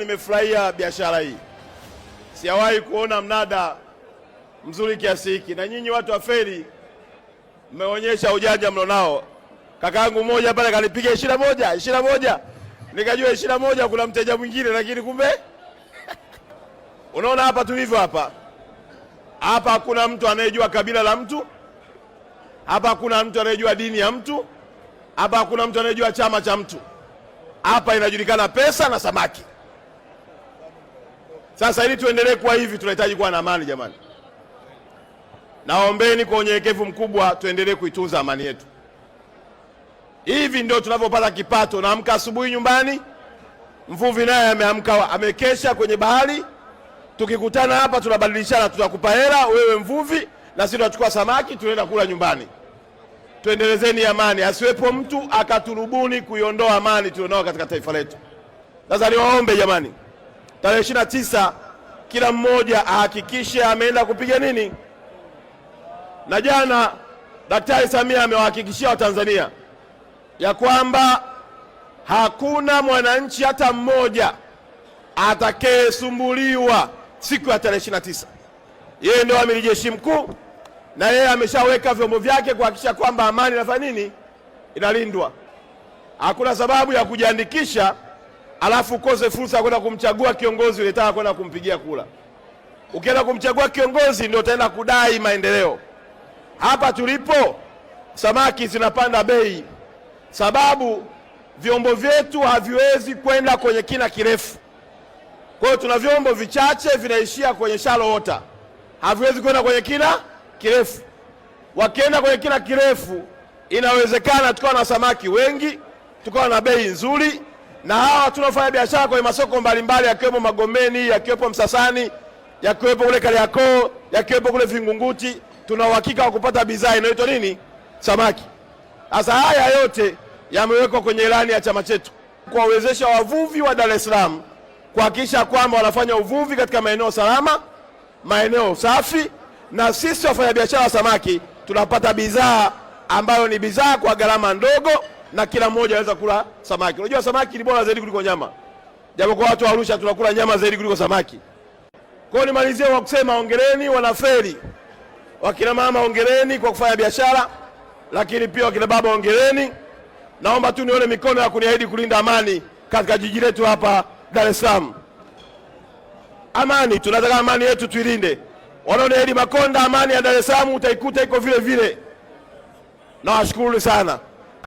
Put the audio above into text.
Nimefurahia biashara hii, sijawahi kuona mnada mzuri kiasi hiki, na nyinyi watu wa feri mmeonyesha ujanja mlonao. Kakaangu mmoja pale kanipiga ishirini na moja ishirini na moja nikajua ishirini na moja kuna mteja mwingine, lakini kumbe unaona hapa tulivyo hapa hapa, hakuna mtu anayejua kabila la mtu hapa, hakuna mtu anayejua dini ya mtu hapa, hakuna mtu anayejua chama cha mtu hapa, inajulikana pesa na samaki. Sasa ili tuendelee kuwa hivi, tunahitaji kuwa na amani jamani. Naombeni kwa unyenyekevu mkubwa tuendelee kuitunza amani yetu. Hivi ndio tunavyopata kipato. Naamka asubuhi nyumbani, mvuvi naye ameamka amekesha kwenye bahari. Tukikutana hapa tunabadilishana, tutakupa hela wewe mvuvi, na sisi tunachukua samaki, tunaenda kula nyumbani. Tuendelezeni amani, asiwepo mtu akaturubuni kuiondoa amani tulionao katika taifa letu. Sasa niwaombe jamani tarehe ishirini na tisa kila mmoja ahakikishe ameenda kupiga nini. Na jana Daktari Samia amewahakikishia Watanzania ya kwamba hakuna mwananchi hata mmoja atakayesumbuliwa siku ya tarehe ishirini na tisa. Yeye ndio amiri jeshi mkuu na yeye ameshaweka vyombo vyake kuhakikisha kwamba amani inafanya nini, inalindwa. Hakuna sababu ya kujiandikisha alafu ukose fursa ya kwenda kumchagua kiongozi unataka kwenda kumpigia kura. Ukienda kumchagua kiongozi ndio utaenda kudai maendeleo. Hapa tulipo samaki zinapanda bei, sababu vyombo vyetu haviwezi kwenda kwenye kina kirefu. Kwa hiyo tuna vyombo vichache vinaishia kwenye shallow water, haviwezi kwenda kwenye kina kirefu. Wakienda kwenye kina kirefu, inawezekana tukawa na samaki wengi, tukawa na bei nzuri na hawa tunaofanya biashara kwenye masoko mbalimbali yakiwepo Magomeni, yakiwepo Msasani, yakiwepo kule Kariakoo, yakiwepo kule Vingunguti, tuna uhakika wa kupata bidhaa inayoitwa nini? Samaki. Sasa haya yote yamewekwa kwenye ilani ya chama chetu kuwawezesha wavuvi wa Dar es Salaam kuhakikisha kwamba wanafanya uvuvi katika maeneo salama, maeneo safi, na sisi wafanyabiashara wa samaki tunapata bidhaa ambayo ni bidhaa kwa gharama ndogo na kila mmoja anaweza kula samaki. Unajua samaki ni bora zaidi kuliko nyama, japo kwa watu wa Arusha tunakula nyama zaidi kuliko samaki. Kwa hiyo nimalizie kwa kusema ongereni wanaferi, wakina mama ongereni kwa kufanya biashara, lakini pia wakina baba ongereni. Naomba tu nione mikono ya kuniahidi kulinda amani katika jiji letu hapa Dar es Salaam. Amani, tunataka amani yetu tuilinde. Wanaoniahidi Makonda amani ya Dar es Salaam utaikuta iko vile vile. Nawashukuru sana.